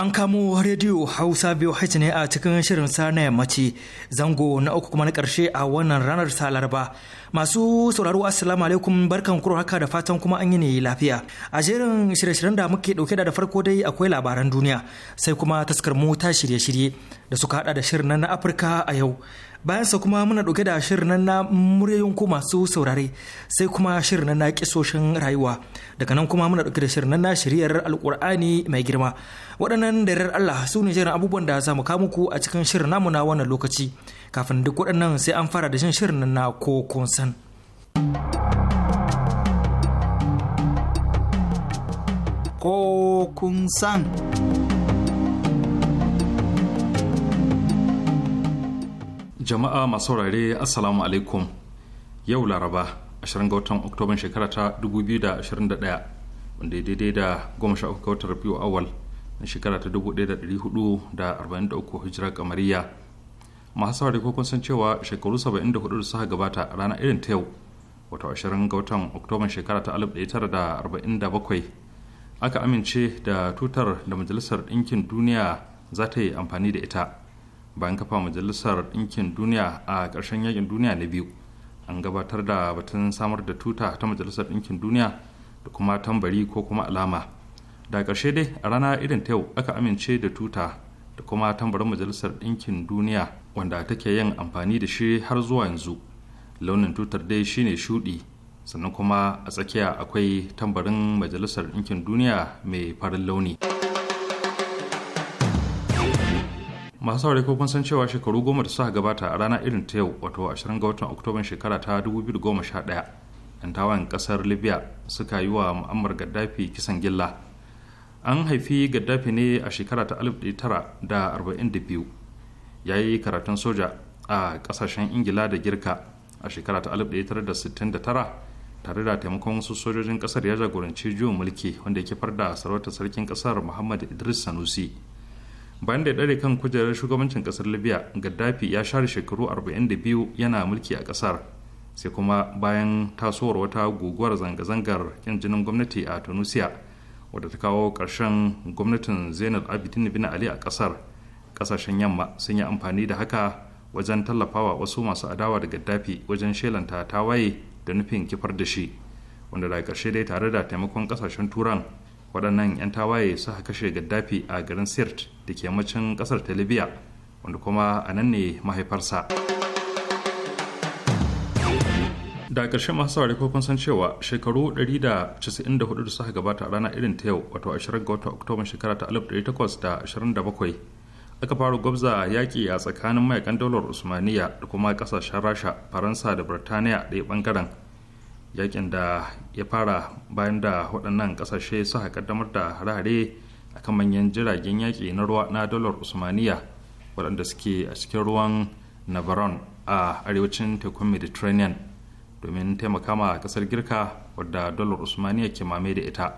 An kamo rediyo Hausa biyu haiti ne a cikin shirin sa na yammaci zango na uku kuma na karshe a wannan ranar sa Laraba. Masu sauraro Assalamu alaikum barkan kuro haka da fatan kuma an yi ne lafiya. A jerin shirye-shiryen da muke dauke da farko dai akwai labaran duniya sai kuma taskar mota shirye-shirye da suka hada da shirin na Afirka a yau. Bayan sa kuma muna dauke da shirin na muryoyin ku masu saurare sai kuma shirin na kisoshin rayuwa. Daga nan kuma muna dauke da shirin na shiriyar Alkur'ani mai girma. Waɗannan da Allah su ne jerin abubuwan da za mu kawo muku a cikin shirin namu na wannan lokaci. kafin duk waɗannan sai an fara da shan shirin na ko kun san. Ko kun san. Jama'a masu rare Assalamu alaikum yau Laraba 20 ga watan Oktoban shekara ta 2021 wanda ya daidai da goma sha uku watan awal na shekara ta dubu daya da dari hudu da arba'in da uku hijira kamariya masu sauri ko kun san cewa shekaru 74 da suka gabata rana irin ta yau wato 20 ga watan oktoban shekara ta 1947 aka amince da tutar da majalisar ɗinkin duniya za ta yi amfani da ita bayan kafa majalisar ɗinkin duniya a ƙarshen yakin duniya na biyu an gabatar da batun samar da tuta ta majalisar ɗinkin duniya da kuma tambari ko kuma alama da ƙarshe dai a rana irin ta yau aka amince da tuta da kuma tambarin majalisar ɗinkin duniya wanda take yin amfani da shi har zuwa yanzu launin tutar dai shine shudi sannan kuma a tsakiya akwai tambarin majalisar ɗinkin duniya mai farin launi masu saurari ko kun san cewa shekaru goma da suka gabata a rana irin ta yau wato 20 ga watan oktoban shekara ta 2011 'yan tawayen kasar libya suka yi wa mu'ammar gaddafi kisan gilla an haifi gaddafi ne a shekara ta 1942 ya yi karatun soja a kasashen ingila da girka a shekara ta 1969 tare da taimakon wasu sojojin kasar ya jagoranci juyin mulki wanda ya kifar da sarautar sarkin kasar muhammad idris sanusi bayan da ya dare kan kujerar shugabancin kasar libya gaddafi ya share shekaru 42 yana mulki a kasar sai kuma bayan tasowar wata guguwar zanga-zangar yan jinin gwamnati a tunisia wadda ta kawo ƙarshen gwamnatin zainal abidin bin ali a kasar kasashen yamma sun yi amfani da haka wajen tallafawa wasu masu adawa da gaddafi wajen shelanta tawaye da nufin kifar da shi wanda daga ƙarshe dai tare da taimakon kasashen turan waɗannan 'yan tawaye suka kashe gaddafi a garin sirt da ke macin ƙasar ta wanda kuma a nan ne mahaifarsa da ƙarshe masu saurari ko kun san cewa shekaru 194 da suka gabata a rana irin ta yau wato 20 ga watan oktoba shekara ta 1827 aka fara gwabza yaƙi a tsakanin mayakan daular usmaniya da kuma ƙasashen rasha faransa da birtaniya ɗaya ɓangaren yaƙin da ya fara bayan da waɗannan ƙasashe suka kaddamar da harare a kan manyan jiragen yaƙi na ruwa na daular usmaniya waɗanda suke a cikin ruwan navarone a arewacin tekun mediterranean domin taimaka ma ƙasar girka wadda daular usmaniya ke mame da ita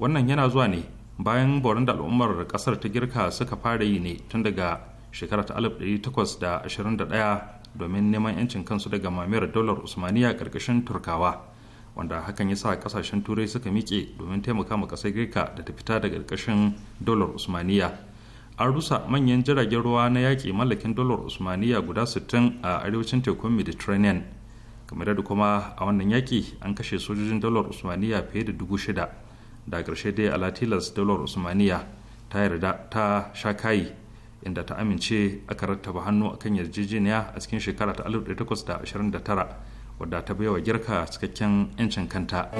wannan yana zuwa ne bayan borin da al'ummar kasar ta girka suka fara yi ne tun daga shekara ta 1821 domin neman 'yancin kansu daga mamayar daular usmaniya karkashin turkawa wanda hakan ya sa kasashen turai suka miƙe domin taimaka ma ƙasar girka da ta fita daga karkashin dolar usmaniya an rusa manyan jiragen ruwa na yaƙi mallakin dolar usmaniya guda 60 a arewacin tekun mediterranean kamar da kuma a wannan yaƙi an kashe sojojin dolar usmaniya fiye da dubu shida da ƙarshe dai alatilas daular usmaniya ta yarda ta sha kayi inda ta amince aka rattaba hannu a kan yarjejeniya a cikin shekara ta 1829 wadda ta baiwa girka cikakken 'yancin kanta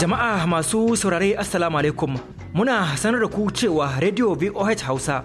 jama'a masu saurare assalamu alaikum muna sanar da ku cewa radio voh hausa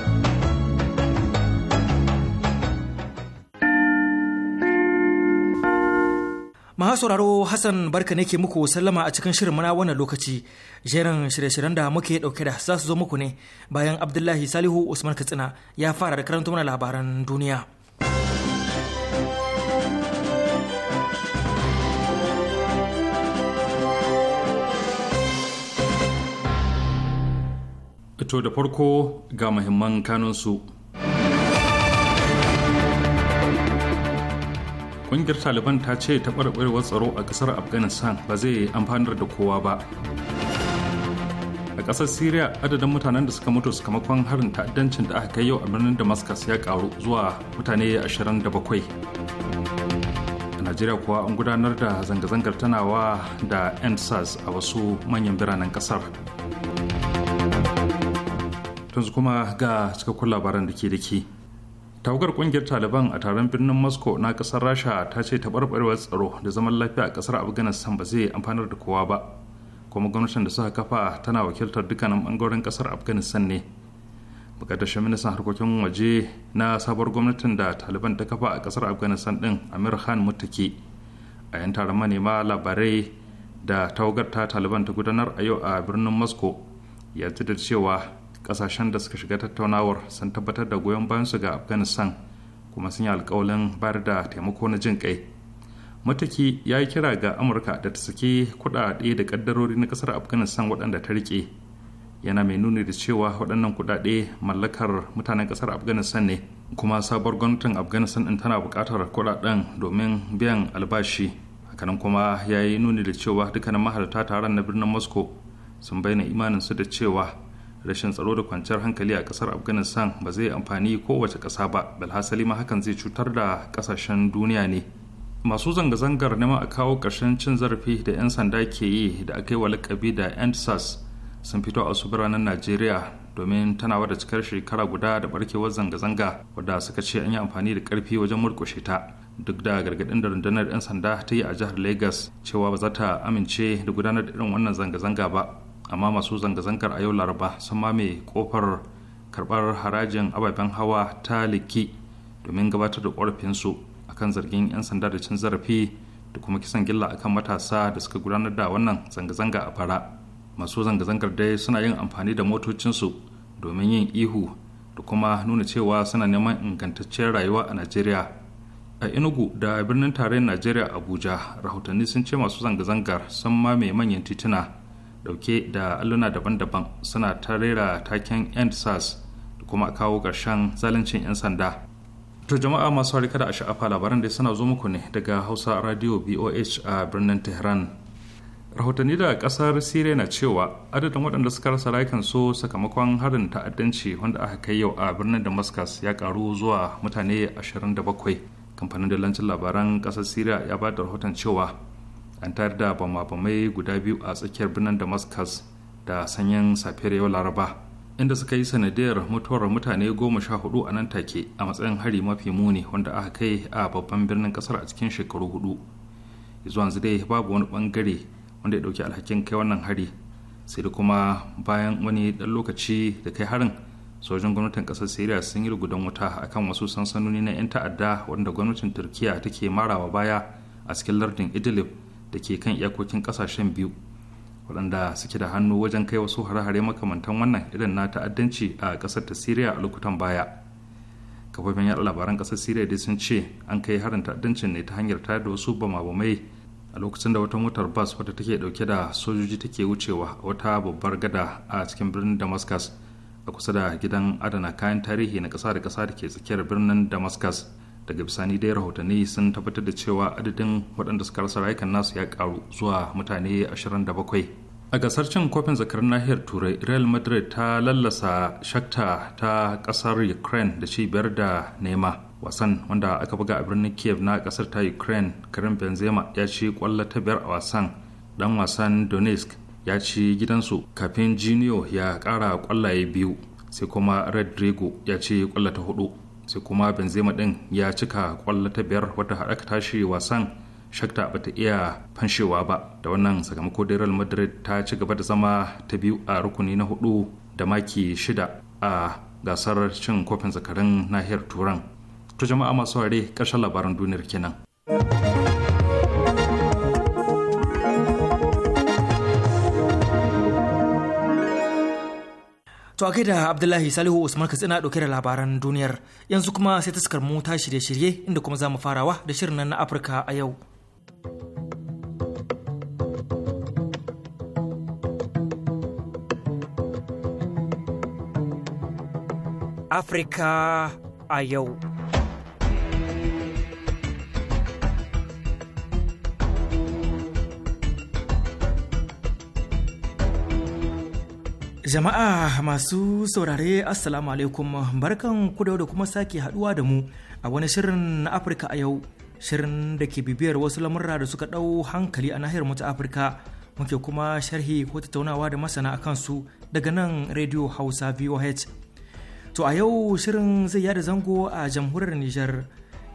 Maha sauraro Hassan barka nake muku sallama a cikin shirin mana wannan lokaci. Jerin shirye-shiryen da muke dauke da za su zo muku ne bayan Abdullahi Salihu Usman Katsina ya fara da karanta mana labaran duniya. To da farko ga muhimman kanunsu. su. kungiyar taliban ta ce ta taɓarɓarewar tsaro a ƙasar afghanistan ba zai amfanar da kowa ba a ƙasar syria adadin mutanen da suka mutu sakamakon harin ta'addancin da aka kai yau a birnin damascus ya ƙaru zuwa mutane 27 a najeriya kuwa an gudanar da zanga-zangar tanawa da NSAS a wasu manyan biranen ƙasar tunzu kuma ga cikakkun labaran da ke da ke tawagar kungiyar taliban a taron birnin moscow na kasar rasha ta ce taɓarɓarewar tsaro da zaman lafiya a kasar afghanistan ba zai amfanar da kowa ba kuma gwamnatin da suka kafa tana wakiltar dukkanin bangaren kasar afghanistan ne bukatashin ministan harkokin waje na sabuwar gwamnatin da taliban ta kafa a kasar afghanistan din amir khan mutaki a yan taron manema labarai da tawagar ta taliban ta gudanar a yau a birnin moscow ya da cewa kasashen da suka shiga tattaunawar sun tabbatar da goyon bayansu ga afghanistan kuma sun yi alkawalin bayar da taimako na jin kai mataki ya yi kira ga amurka da ta saki kudade da kaddarori na kasar afghanistan waɗanda ta rike yana mai nuni da cewa waɗannan kudade mallakar mutanen kasar afghanistan ne kuma sabuwar gwamnatin afghanistan ɗin tana buƙatar kudaden domin biyan albashi hakanan kuma ya yi nuni da cewa dukkanin mahalarta taron na birnin moscow sun bayyana imaninsu da cewa rashin tsaro da kwanciyar hankali a kasar afghanistan ba zai amfani kowace kasa ba balhasali ma hakan zai cutar da kasashen duniya ne masu zanga-zangar neman a kawo ƙarshen cin zarafi da 'yan sanda ke yi da aka yi wa lakabi da endsars sun fito a su biranen najeriya domin tana da cikar shekara guda da barkewar zanga-zanga wadda suka ce an yi amfani da karfi wajen murkushe ta duk da gargaɗin da rundunar 'yan sanda ta yi a jihar lagos cewa ba za ta amince da gudanar da irin wannan zanga-zanga ba amma masu zanga-zangar a yau laraba sun mame kofar karbar harajin ababen hawa ta liki domin gabatar da korafinsu akan zargin 'yan sanda da cin zarafi da kuma kisan gilla akan matasa da suka gudanar da wannan zanga-zanga a fara masu zanga-zangar dai suna yin amfani da motocinsu domin yin ihu da kuma nuna cewa suna neman ingantacciyar rayuwa a najeriya a enugu da birnin tarayyar najeriya abuja rahotanni sun ce masu zanga-zangar sun mame manyan tituna dauke da alluna daban-daban suna ta taken end sars da kuma kawo ƙarshen zaluncin 'yan sanda to jama'a masu harika da sha'afa labaran da suna zo muku ne daga hausa radio boh a birnin tehran rahotanni daga kasar siriya na cewa adadin waɗanda suka rasa rayukan su sakamakon harin ta'addanci wanda aka kai yau a birnin damascus ya karu zuwa mutane 27 kamfanin dalancin labaran kasar siriya ya ba da rahoton cewa an tayar da bama-bamai guda biyu a tsakiyar birnin damascus da sanyin safiyar yau laraba inda suka yi sanadiyar mutuwar mutane goma sha hudu a nan take a matsayin hari mafi muni wanda aka kai a babban birnin kasar a cikin shekaru hudu zuwa yanzu dai babu wani bangare wanda ya dauki alhakin kai wannan hari sai da kuma bayan wani dan lokaci da kai harin sojin gwamnatin kasar syria sun yi rugudan wuta akan wasu sansanoni na 'yan ta'adda wanda gwamnatin turkiya take marawa baya a cikin lardin idlib da ke kan iyakokin kasashen biyu waɗanda suke da hannu wajen kai wasu hare-hare makamantan wannan irin na ta'addanci a ƙasar ta siriya a lokutan baya kafofin yaɗa labaran ƙasar siriya dai sun ce an kai harin ta'addancin ne ta hanyar tayar da wasu bama a lokacin da wata motar bas wata take dauke da sojoji take wucewa a wata babbar gada a cikin birnin damascus a kusa da gidan adana kayan tarihi na ƙasa da ƙasa da ke tsakiyar birnin damascus daga bisani dai rahotanni sun tabbatar da cewa adadin waɗanda suka rasa rayukan nasu ya karu zuwa mutane 27 a gasar cin kofin zakarar nahiyar turai real madrid ta lallasa shakta ta ƙasar ukraine da cibiyar da nema wasan wanda aka buga a birnin kiev na ƙasar ta ukraine karim benzema ya ci kwallo ta biyar a wasan dan wasan donetsk ya ci gidansu kafin junior ya kara kwallaye biyu sai kuma red rodrigo ya ci kwallo ta hudu sai kuma benzema din ya cika kwallo ta biyar wata haɗaka tashi wasan shakta ba ta iya fanshewa ba da wannan sakamako da real madrid ta ci gaba da zama ta biyu a rukuni na hudu da maki shida a gasar cin kofin zakarin nahiyar turan to jama'a masu ware ƙarshen labaran duniyar kenan. To a da Abdullahi Salihu Usman Katsina ɗauke da labaran duniyar yanzu kuma sai taskar mu ta shirye-shirye inda kuma za mu farawa da shirin nan na Afirka a yau. Afirka a yau. Jama'a masu saurare Assalamu alaikum barkan ku da kuma sake haduwa da mu a wani shirin na Afirka a yau shirin da ke bibiyar wasu lamurra da suka ɗau hankali a nahiyar mu ta Afirka muke kuma sharhi ko tattaunawa da masana a kansu daga nan Radio Hausa VOH. To a yau shirin zai yada zango a jamhuriyar Nijar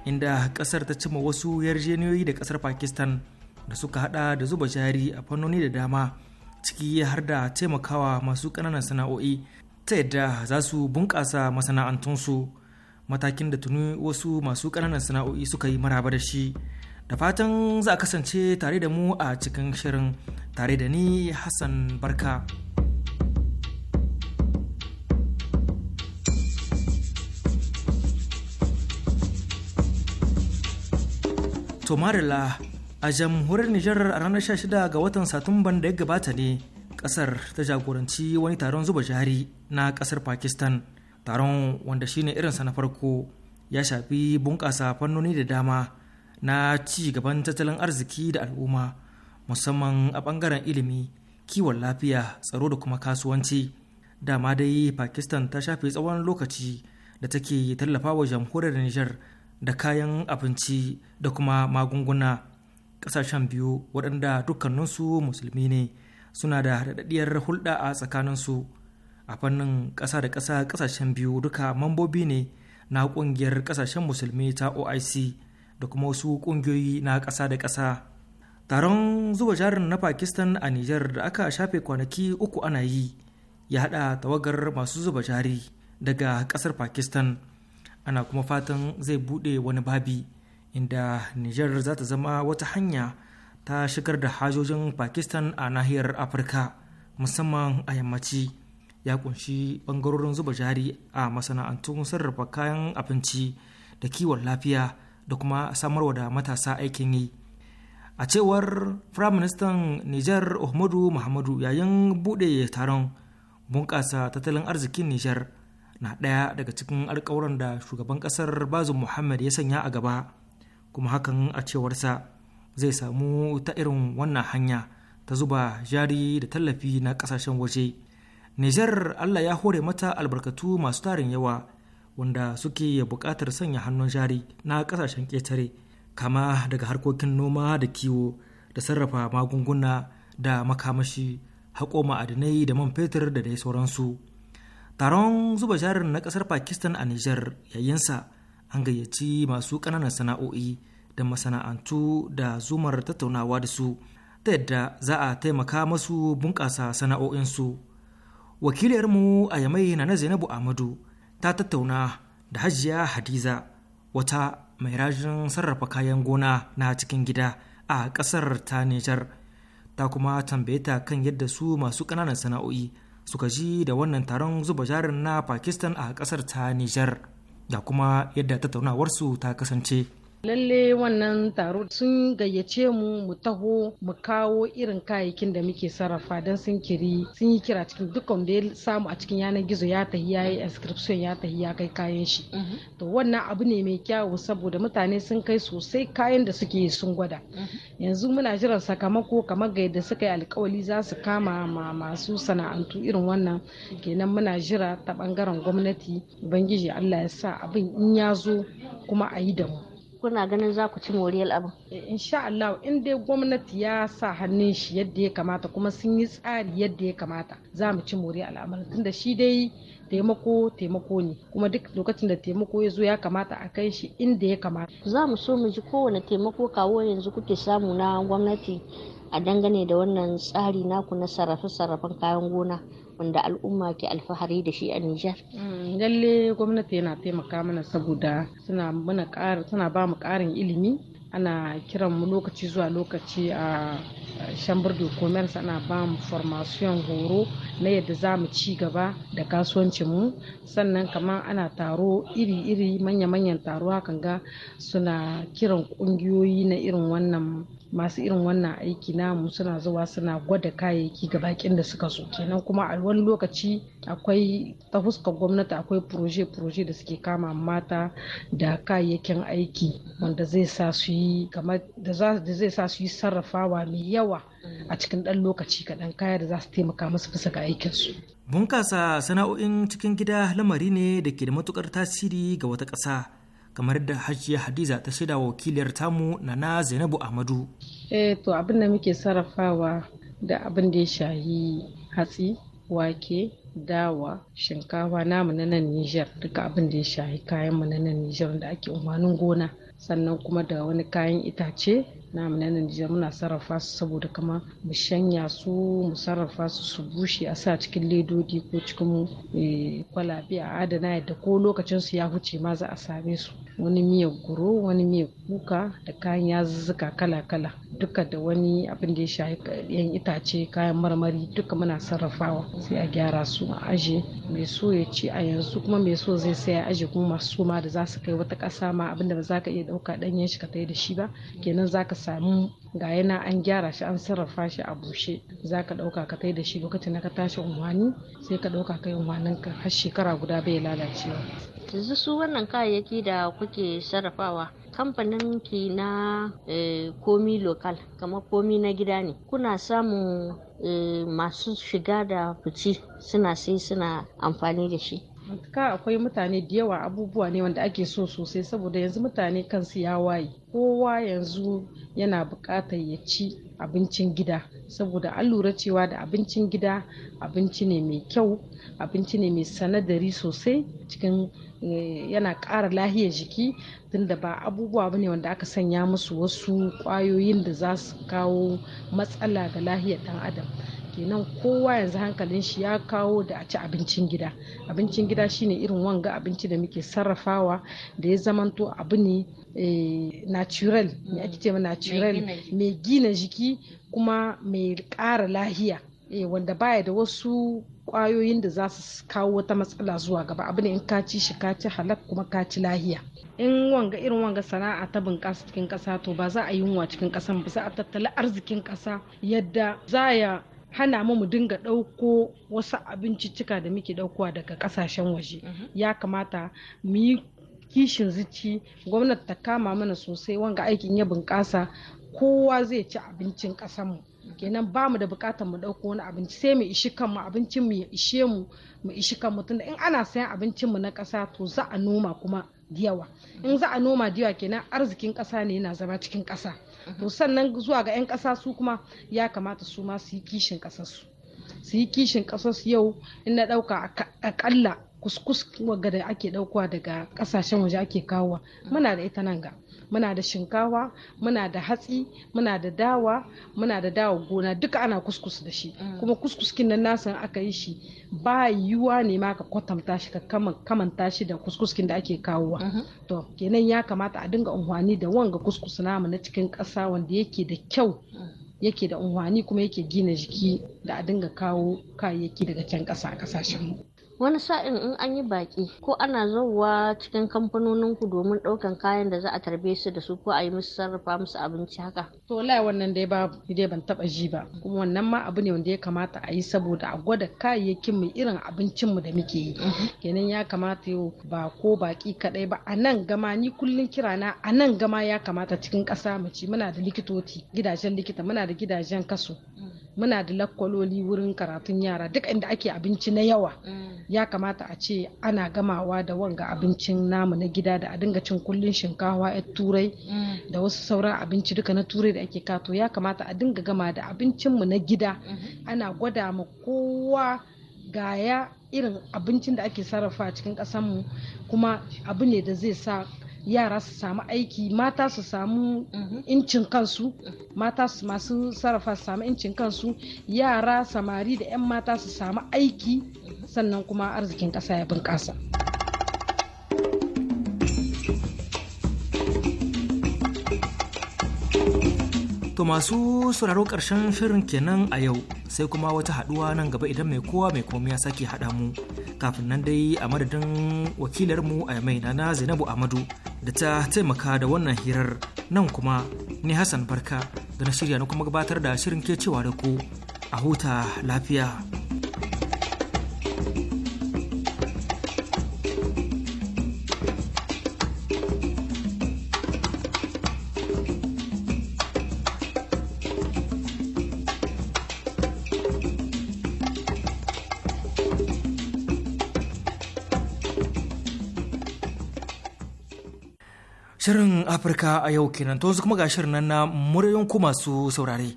inda kasar ta cima wasu yarjeniyoyi da kasar Pakistan da suka hada da zuba jari a fannoni da dama. ciki har da taimakawa masu ƙananan sana'o'i ta yadda za su bunƙasa masana'antunsu matakin da tuni wasu masu ƙananan sana'o'i suka yi maraba da shi da fatan za a kasance tare da mu a cikin shirin tare da ni hassan barka to a jamhuriyar Nijar a ranar 16 ga watan Satumban da ya gabata ne kasar ta jagoranci wani taron zuba jari na kasar Pakistan taron wanda shine irin sa na farko ya shafi bunƙasa fannoni da dama na ci gaban tattalin arziki da al'umma musamman a ɓangaren ilimi kiwon lafiya tsaro da kuma kasuwanci dama dai Pakistan ta shafe tsawon lokaci da take tallafawa jamhuriyar Nijar da kayan abinci da kuma magunguna ƙasashen biyu waɗanda dukkaninsu musulmi ne suna da haɗaɗɗiyar hulɗa a tsakaninsu a fannin ƙasa da ƙasa ƙasashen biyu duka mambobi ne na ƙungiyar ƙasashen musulmi ta oic da kuma wasu ƙungiyoyi na ƙasa da ƙasa taron zuba jarin na pakistan a niger da aka shafe kwanaki uku ana yi ya haɗa tawagar masu zuba jari daga ƙasar pakistan ana kuma fatan zai buɗe wani babi inda nijar za ta zama wata hanya ta shigar da hajojin pakistan a nahiyar afirka musamman a yammaci ya kunshi bangarorin zuba jari a masana'antun sarrafa kayan abinci da kiwon lafiya da kuma samarwa da matasa aikin yi a cewar firaministan nijar ahmadu muhammadu yayin buɗe taron bunƙasa tattalin arzikin nijar na ɗaya daga cikin alkawuran da shugaban ƙasar bazum muhammad ya sanya a gaba kuma hakan a cewarsa zai samu ta irin wannan hanya ta zuba jari da tallafi na kasashen waje nijar allah ya hore mata albarkatu masu tarin yawa wanda suke buƙatar sanya hannun jari na kasashen ƙetare kama daga harkokin noma da kiwo da sarrafa magunguna da makamashi haƙo ma'adinai da man fetur da dai sauransu taron zuba jarin na ƙasar pakistan a nijar yayinsa an gayyaci masu ƙananan sana'o'i da masana'antu da zumar tattaunawa da su ta yadda za a taimaka masu bunƙasa sana'o'insu wakiliyarmu a yamai na na zainabu amadu ta tattauna da hajiya hadiza wata mai rajin sarrafa kayan gona na cikin gida a ƙasar ta nijar ta kuma tambaye ta kan yadda su masu ƙananan sana'o'i suka ji da wannan taron zuba jarin na pakistan a ƙasar ta nijar da kuma yadda tattaunawarsu ta kasance lalle wannan taro sun gayyace mu mu taho mu kawo irin kayayyakin da muke sarrafa don sun kiri sun yi kira cikin dukkan da ya samu a cikin yanar gizo ya tafi ya yi inscription ya tafi ya kai kayan shi mm-hmm. to wannan abu ne mai kyawu saboda mutane sun kai sosai kayan da suke sun gwada mm-hmm. yanzu muna jiran sakamako kamar ga yadda suka yi alkawali za su kama ma masu sana'antu irin wannan kenan muna jira ta bangaren gwamnati ubangiji Allah ya sa abin in ya zo kuma a yi da mu kuna ganin za ku ci moriyar abin eh, insha Allah in dai gwamnati ya sa hannun shi yadda ya kamata kuma sun yi tsari yadda ya kamata za mu ci moriyar al'amarin tunda shi dai taimako taimako ne kuma duk lokacin da taimako ya zo ya kamata a kai shi inda ya kamata za mu so mu ji kowane taimako kawo yanzu kuke samu na gwamnati a dangane da wannan tsari naku na sarrafe-sarrafen kayan gona wanda al'umma ke alfahari da shi a Nijar. Mm, lalle gwamnati yana taimaka mana saboda suna ba mu ƙarin ilimi ana kiran mu lokaci zuwa lokaci a shambar de commerce ana ba mu formation horo na yadda za mu ci gaba da kasuwancinmu sannan kamar ana taro iri-iri manya-manyan taro hakan ga suna kiran kungiyoyi na irin wannan masu irin wannan aiki namu suna zuwa suna gwada kayayyaki ga bakin da suka so kenan kuma a wani lokaci akwai ta fuskar gwamnati akwai proje-proje da suke kama mata da kayayyakin aiki wanda zai sa su yi da zai sa su yi sarrafawa mai yawa a cikin dan lokaci kaɗan kaya da za su taimaka musu bisa ga aikinsu. Bunkasa sana'o'in cikin gida lamari ne da ke da matukar tasiri ga wata ƙasa kamar da hajiya hadiza ta shaida wakiliyar tamu nana zainabu ahmadu eh, to abin da muke sarrafawa da abin da ya shahi hatsi wake dawa shinkafa namu na nan nijar duka abin da ya shahi mu na nan nijar da ake umarnin gona sannan kuma da wani kayan itace namu na jiya muna sarrafa su saboda kama mu shanya su mu sarrafa su su bushe a sa cikin ledodi ko cikin eh, kwalabe a adana yadda ko lokacin su ya huce ma za a same su wani miyar goro wani miyar kuka da kayan yazuzzuka kala-kala duka da wani abin da ya shafi yan itace kayan marmari duka muna sarrafawa sai a gyara su a aje mai so ya ci a yanzu kuma mai so zai saya aje kuma masu suma da za su kai wata ƙasa ma abinda ba za ka iya ɗauka danyen shi ka tai da shi ba kenan za ka samu ga yana an gyara shi an sarrafa shi a bushe za ka ɗauka ka kai da shi lokacin na ka tashi unwani sai ka ɗauka kai unwanin ka har shekara guda bai lalacewa. yanzu su wannan kayayyaki da kuke sarrafawa kamfanin ki na eh, komi lokal kamar komi na gida ne kuna samun eh, masu shiga da fici suna sai suna amfani da shi ka akwai mutane da yawa abubuwa ne wanda ake so sosai saboda yanzu mutane kansu ya waye kowa yanzu yana buƙatar ya ci abincin gida saboda an lura cewa da abincin gida abinci ne mai kyau abinci ne mai sanadari sosai cikin eh, yana ƙara lahiyar jiki tunda ba abubuwa ba ne wanda aka sanya musu wasu ƙwayoyin da za su kawo matsala ga lahiyar ɗan adam kenan kowa yanzu hankalin shi ya kawo da a ci abincin gida abincin gida shine irin wanga abinci da muke sarrafawa da ya zamanto abu ne eh, natural ake ce natural mai gina jiki kuma mai ƙara lahiya eh, wanda baya da wasu kwayoyin da za su kawo wata matsala zuwa gaba abu ne in ka ci shi ka ci halak kuma ka ci lahiya in wanga irin wanga sana'a ta bunƙasa cikin ƙasa to ba za a yi yunwa cikin ƙasan ba za a tattala arzikin ƙasa yadda za ya hana mu mu dinga ɗauko wasu abinciccika da muke ɗaukowa daga ƙasashen waje mhm. ya kamata mu yi kishin zici gwamnati ta kama mana sosai wanga aikin ya bunƙasa kowa zai ci abincin ƙasanmu kenan ba mu da buƙatar mu ɗauko wani abinci sai mu ishi kanmu abincin mu ya ishe mu mu ishi kanmu tunda in ana sayan abincin mu na ƙasa to za a noma kuma da yawa in za a noma da yawa kenan arzikin ƙasa ne yana zama cikin ƙasa to sannan zuwa ga 'yan ƙasa su kuma ya kamata su ma su yi kishin ƙasarsu su yi kishin ƙasarsu yau in na ɗauka akalla kuskus da ake daukowa daga kasashen waje ake kawowa muna da ita nan ga muna da shinkawa muna da hatsi muna da dawa muna da dawa gona duka ana kuskus da shi mm. kuma kuskuskin nan nasan aka yi shi ba yiwuwa ne ma ka kwatanta shi ka kamanta shi da kuskuskin da ake kawowa mm-hmm. to kenan ya kamata a dinga unhwani da wanga kuskus namu na cikin ƙasa wanda yake da kyau mm. yake da unhwani kuma yake gina jiki da a dinga kawo kayayyaki daga can ƙasa a kasashen mu wani sa'in in an yi baki ko ana zauwa cikin kamfanonin ku domin ɗaukan kayan da za a tarbe su da su ko a yi musu sarrafa musu abinci haka to lai wannan dai ba dai ban taba ji ba kuma wannan ma abu ne wanda ya kamata a yi saboda a gwada kayayyakin mu irin abincin mu da muke yi mhm. kenan ya kamata yau ba ko baƙi kaɗai ba a nan gama ni kullun kira na a nan gama ya kamata cikin ƙasa mu ci muna da likitoci gidajen likita muna da gidajen kaso mhm. muna da lakkwaloli wurin karatun yara duk inda ake abinci na yawa mm. ya kamata a ce ana gamawa da wanga abincin namu na gida da a dinga cin kullun shinkawa yar turai mm. da wasu sauran abinci duka na turai da ake kato ya kamata a dinga gama da abincinmu na gida mm-hmm. ana gwada ma kowa gaya irin abincin da ake sarrafa cikin kasanmu kuma abu ne da zai sa yara su samu aiki mata su samu mhm. incin kansu mhm. mata masu sarrafa su samu incin kansu yara samari da 'yan mata su samu aiki mhm. sannan kuma arzikin ƙasa ya bunƙasa. To masu sauraro ƙarshen shirin kenan a yau sai kuma wata haɗuwa nan gaba idan mai kowa mai komai ya sake haɗa mu kafin nan dai a madadin wakilarmu a mai na Zainabu amadu da ta taimaka da wannan hirar nan kuma ni Hassan Barka da na shirya na kuma gabatar da shirin ke cewa da ku a huta lafiya. Shirin Afirka a yau kenan to kuma ga shirin nan na muryoyin ku masu saurare.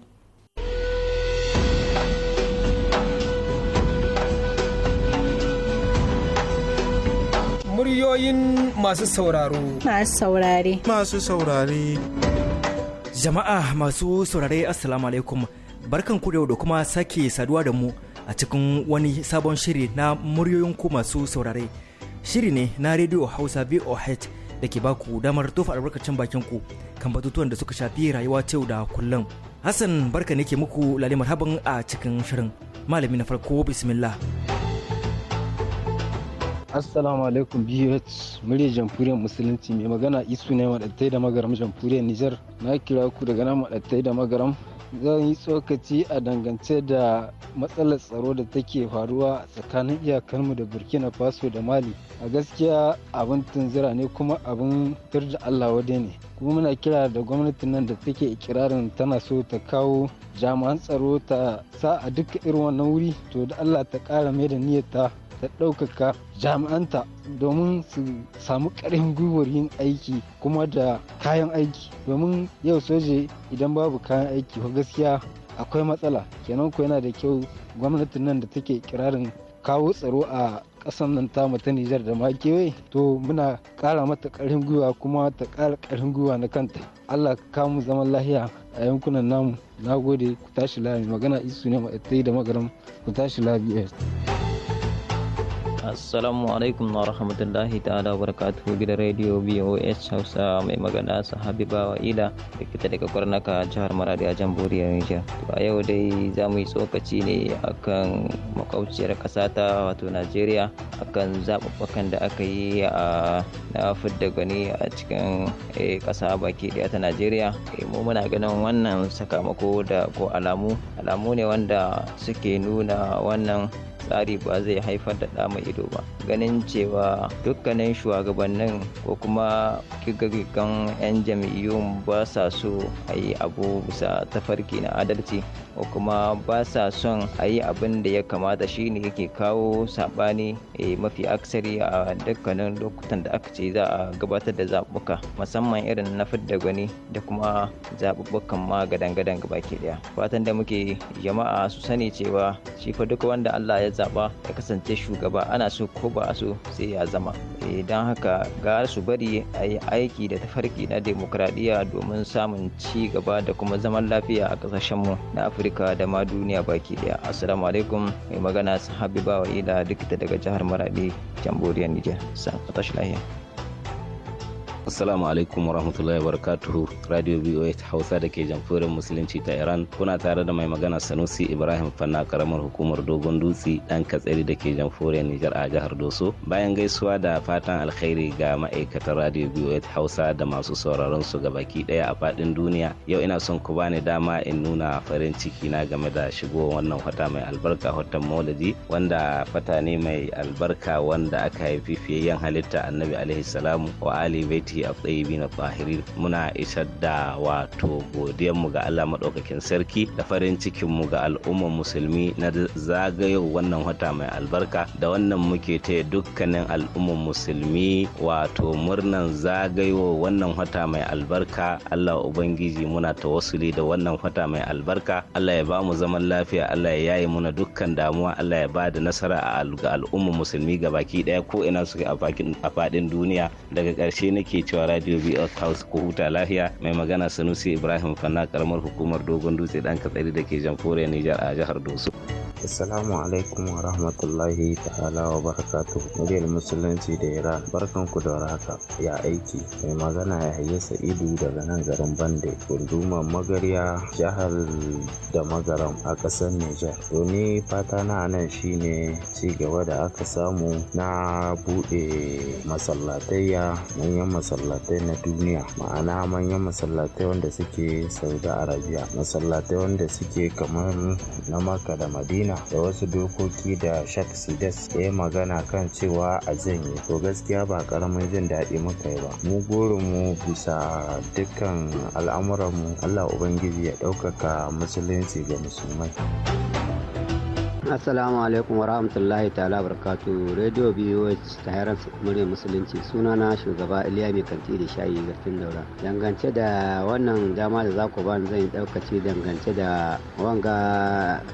Muryoyin masu sauraro. Masu saurare. Masu saurare. Jama'a masu saurare Assalamu alaikum. Barkan ku da kuma sake saduwa da mu a cikin wani sabon shiri na muryoyin ku masu saurare. Shiri ne na Radio Hausa VOH da ke ba ku damar tofa albarkacin bakin ku kan batutuwan da suka shafi rayuwa ta yau da kullum. Hassan barka ne ke muku lalle marhaban a cikin shirin. Malami na farko bismillah. assalamu alaikum bh muryar jamhuriyar musulunci mai magana isu ne madattai da magaram jamhuriyar nijar na kira ku daga nan madattai da magaram zan yi tsokaci a dangance da matsalar tsaro da take faruwa tsakanin iyakarmu da burkina faso da mali a gaskiya abin tunzira ne kuma abin tur da allah wade ne kuma muna kira da gwamnati nan da take ikirarin tana so ta kawo jami'an tsaro ta sa a duka irin wannan wuri to da allah ta kara mai da niyyar da ɗaukaka jami'anta domin su samu ƙarin gwiwar yin aiki kuma da kayan aiki domin yau soje idan babu kayan aiki ko gaskiya akwai matsala kenan ko yana da kyau gwamnatin nan da take kirarin kawo tsaro a kasan nan tamu ta Nijar da ma kewaye to muna ƙara mata ƙarfin gwiwa kuma ta ƙara ƙarfin gwiwa na kanta Allah ka kamu zaman lahiya a yankunan namu na gode ku tashi lafiya magana isu ne ma'aikatai da magaram ku tashi lafiya assalamu alaikum wa rahmatullahi ta'ala barakatuhu gidan rediyo BOS hausa mai magana habiba wa ila da kita daga kwarnaka jihar maradi a jamhuriyar nijar to a yau dai za mu yi tsokaci ne akan makwabciyar ƙasata wato najeriya akan zaɓuɓɓukan da aka yi a na fidda gani a cikin e, ƙasa baki ɗaya ta najeriya e, mu muna ganin wannan sakamako da ko alamu alamu ne wanda suke nuna wannan tsari ba zai haifar da ɗa mai ido ba ganin cewa dukkanin shugabannin ko kuma kigaggigan 'yan jam'iyyun ba sa so a yi abu bisa tafarki na adalci ko kuma ba sa son a yi abin da ya kamata shi ne yake kawo saɓani eh, mafi aksari a dukkanin lokutan da aka ce za a gabatar da zaɓuɓɓuka musamman irin na fidda gwani da kuma zaɓuɓɓukan ma gadan-gadan gabaki ɗaya fatan da muke jama'a su sani cewa shi fa duk wanda Allah ya zaɓa ya kasance shugaba ana so ko ba a so sai ya zama eh, don haka gara su bari a yi aiki da tafarki na demokradiyya domin samun ci gaba da kuma zaman lafiya a ƙasashenmu na Afrika dan ma dunia baki dia. Assalamualaikum. Ini magana sahabibah ila dikita daga jahar maradi jamburian dia. Sang patah ya. Assalamu alaikum warahmatullahi wabarakatuh. Radio ta Hausa da ke jamfurin Musulunci ta Iran kuna tare da mai magana Sanusi Ibrahim Fanna karamar hukumar Dogon Dutse dan Katsari da ke jamfurin Nijar a jihar Doso. Bayan gaisuwa da fatan alkhairi ga ma'aikatan Radio ta Hausa da masu sauraron su ga baki daya a fadin duniya. Yau ina son ku bani dama in nuna farin ciki na game da shigo wannan wata mai albarka watan Maulidi wanda fata ne mai albarka wanda aka haifi fiye fiyayyen halitta Annabi alaihi salamu wa ali baiti a tsaye bi na muna isar da wato godiyar mu ga Allah madaukakin sarki da farin cikin mu ga al'ummar musulmi na zagayo wannan wata mai albarka da wannan muke taya dukkanin al'ummar musulmi wato murnan zagayo wannan wata mai albarka Allah ubangiji muna ta wasuli da wannan wata mai albarka Allah ya ba mu zaman lafiya Allah ya yaye muna dukkan damuwa Allah ya ba da nasara a al'ummar musulmi gabaki daya ko ina suke a faɗin duniya daga ƙarshe nake ke cewa radio BOS House ko huta lafiya mai magana Sanusi Ibrahim Fanna karamar hukumar Dogon Dutse dan Katsari da ke Jamhuriyar Nijar a jihar Doso. Assalamu alaikum wa rahmatullahi ta'ala wa barakatuh. Muryar Musulunci da Iran barkan ku da haka ya aiki mai magana ya haye sa'idu daga nan garin Bande gundumar magarya jihar da magaram a ƙasar Nijar. Doni fata na nan shine cigaba da aka samu na buɗe masallatayya manyan masallatai na duniya ma'ana manyan masallatai wanda suke Saudi arabiya masallatai wanda suke kamar na maka da Madina tuna da wasu dokoki da shak sidas ya yi magana kan cewa a janye to gaskiya ba karamin jin daɗi muka yi ba mu mu bisa dukkan al'amuranmu allah ubangiji ya ɗaukaka musulunci ga musulmai assalamu alaikum wa rahmatullahi ta'ala barkatu radio boh ta heran murya musulunci sunana shugaba iliya mai kanti da shayi garkin daura dangance da wannan dama da za ku bani zai daukaci dangance da wanga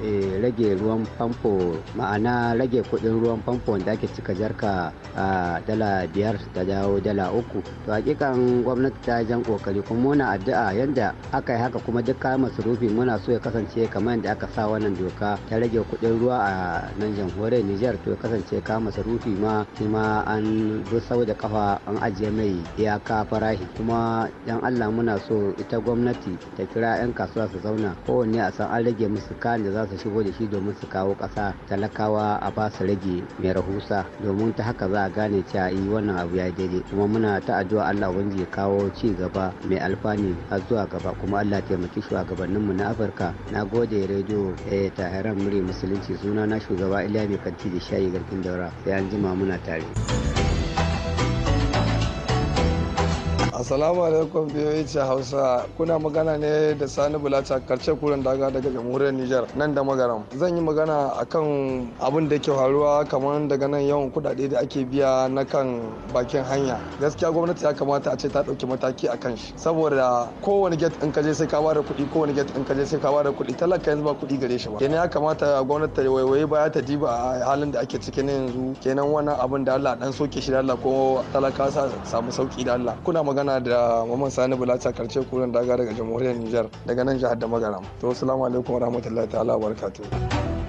eh, rage ruwan famfo ma'ana rage kudin ruwan famfo wanda ake cika jarka a dala biyar ta dawo dala uku to hakikan gwamnati ta jan kokari kuma muna addu'a yanda aka yi haka kuma duk kayan masarufi muna so ya kasance kamar yadda aka sa wannan doka ta rage kudin ruwa a nan jamhuriyar Nijar to kasance ka masarufi ma ma an duk sau da kafa an ajiye mai iyaka farahi kuma yan Allah muna so ita gwamnati ta kira 'yan kasuwa su zauna kowanne a san an rage musu kayan da za su shigo da shi domin su kawo kasa talakawa a ba su rage mai rahusa domin ta haka za a gane cewa yi eh, wannan abu ya daidai kuma muna ta addu'a Allah wanda ya kawo ci gaba mai alfani har zuwa gaba kuma Allah taimaki shugabanninmu na Afirka na gode rediyo eh, ta Haram Muri Musulunci ce suna na shugaba Iliya mai kanti da shayi garkin daura sai an jima muna tare. Assalamu alaikum biyoyice Hausa kuna magana ne da Sani Bulacha karce kuren daga daga jamhuriyar Nijar nan da magaram. Zan yi magana akan abin da ke faruwa kamar daga nan yawan kudade da ake biya na kan bakin hanya. Gaskiya gwamnati ya kamata a ce ta dauki mataki akan shi saboda kowane get in kaje sai ka bada kuɗi kowane get in kaje sai ka bada kuɗi talaka yanzu ba kuɗi gare shi ba. Kenan ya kamata gwamnati ta waiwaye baya ta diba a halin da ake ciki na yanzu kenan wannan abin da Allah dan soke shi da Allah ko talaka sa samu sauki da Allah. Kuna magana magana da Mamman Sani Bulacha karce kuren daga daga jamhuriyar Nijar daga nan jihar da magaram. To salamu alaikum rahmatullahi ta'ala wabarakatuh.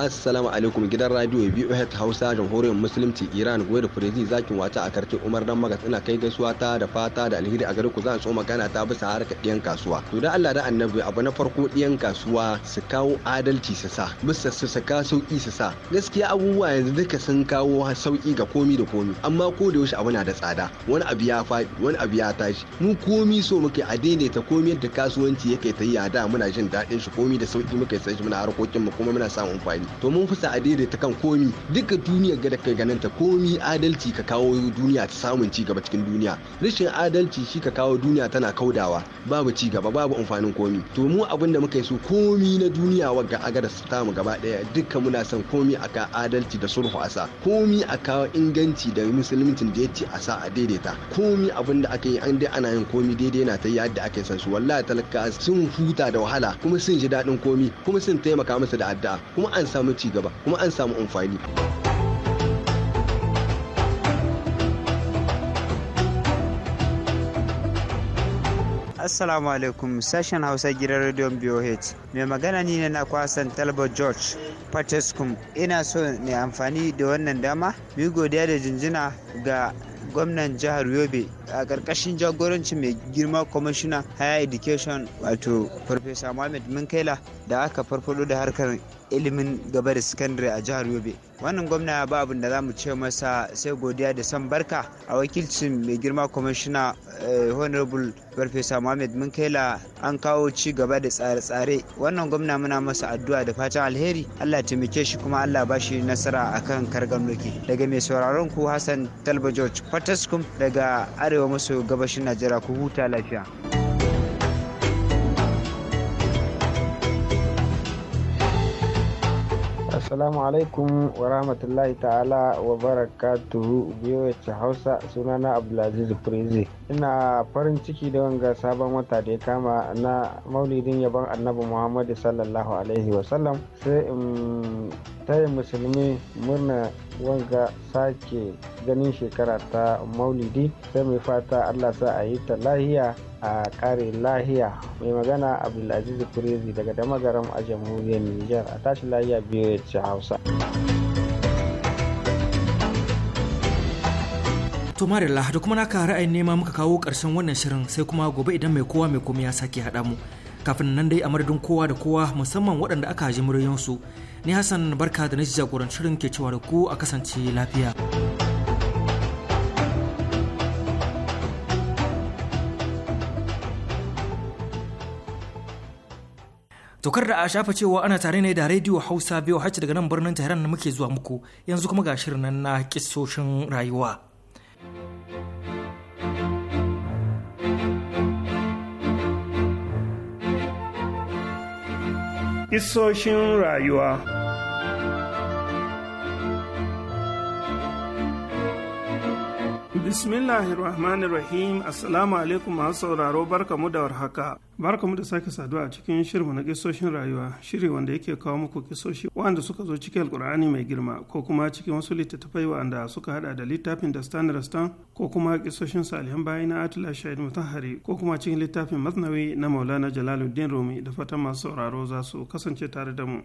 assalamu alaikum gidan radio BOH Hausa jamhuriyar musulunci Iran goyi da furezi zakin wata a karti Umar dan Magas ina kai gaisuwa ta da fata da alheri a gare ku zan so magana ta bisa harkar ɗiyan kasuwa to da Allah da annabi abu na farko ɗiyan kasuwa su kawo adalci su sa bisa su saka sauki su sa gaskiya abubuwa yanzu duka sun kawo sauki ga komi da komi amma ko da yaushe abu na da tsada wani abu ya faɗi wani abu ya tashi mu komi so muke a daidaita komi yadda kasuwanci yake ta yi a da muna jin daɗin shi komi da sauki muke sai shi muna harkokin mu kuma muna samun hankali to mun fi a daidaita kan komi duka duniya ga da kai ta komi adalci ka kawo duniya ta samun ci gaba cikin duniya rashin adalci shi ka kawo duniya tana kaudawa babu ci gaba babu amfanin komi to mu abin da muka yi so komi na duniya wagga da su tamu gaba daya duka muna son komi aka adalci da sulhu a sa komi a kawo inganci da musulmincin da ya ci a sa a daidaita komi abin da aka yi an dai ana yin komi daidai na ta yadda ake san su wallahi talaka sun huta da wahala kuma sun ji daɗin komi kuma sun taimaka musu da addu'a kuma an samu ci gaba kuma an samu amfani. Assalamu alaikum sashen Hausa gidan rediyon BOH. Mai magana ni ne na kwasan Talbot George Patescum. Ina so ne amfani da wannan dama, mu godiya da jinjina ga gwamnan jihar yobe a ƙarƙashin jagorancin mai girma commissioner higher education wato farfesa mohamed minkaila da aka farfado da harkar ilimin gaba da sakandare a jihar yobe wannan gwamna ba abin da za mu ce masa sai godiya da san barka a wakilcin mai girma kwamishina eh, honorable farfesa mohammed munkaila an kawo ci gaba da tsare-tsare wannan gwamna muna masa addu'a da fatan alheri allah taimake shi kuma allah ba shi nasara akan kargan loki daga mai sauraron ku hassan talba george fataskum daga arewa maso gabashin najeriya ku huta lafiya. Assalamu alaikum wa rahmatullahi ta'ala wa barakatuhu biyowace Hausa sunana Abdulaziz Prezi. Ina farin ciki da wanga sabon wata da ya kama na maulidin yabon annabi Muhammadu sallallahu alaihi sallam sai in taya musulmi murna wanga sake ganin shekara ta maulidi sai mai fata Allah sa a yi ta lahiya a kare lahiya mai magana abdulaziz kurezi daga dama damagaram a jamhuriyar niger a tashi lahiya biyu ya ci hausa To Marilla, da kuma naka ra'ayin nema muka kawo karshen wannan shirin sai kuma gobe idan mai kowa mai komai ya sake haɗa mu. Kafin nan dai a madadin kowa da kowa musamman waɗanda aka ji muryoyinsu. Ni Hassan Barka da na jagorancin shirin ke cewa da ku a kasance lafiya. Tokar da a shafa cewa ana tare ne da rediyo Hausa biyu hacci daga nan birnin Tehran da muke zuwa muku yanzu kuma ga shirin nan na kisoshin rayuwa. Kisoshin rayuwa Bismillahirrahmanirrahim Assalamu alaikum masu sauraro barkamu da warhaka. Barkamu da sake saduwa a cikin shirmu na kisoshin rayuwa, shiri wanda yake kawo muku kisoshi wanda suka zo cikin alkur'ani mai girma ko kuma cikin wasu littattafai wanda suka hada da littafin da Standard Stan ko kuma kisoshin salihan bayi na Atila Shahid Mutahari ko kuma cikin littafin Masnawi na Maulana Jalaluddin Rumi da fatan masu sauraro za su kasance tare da mu.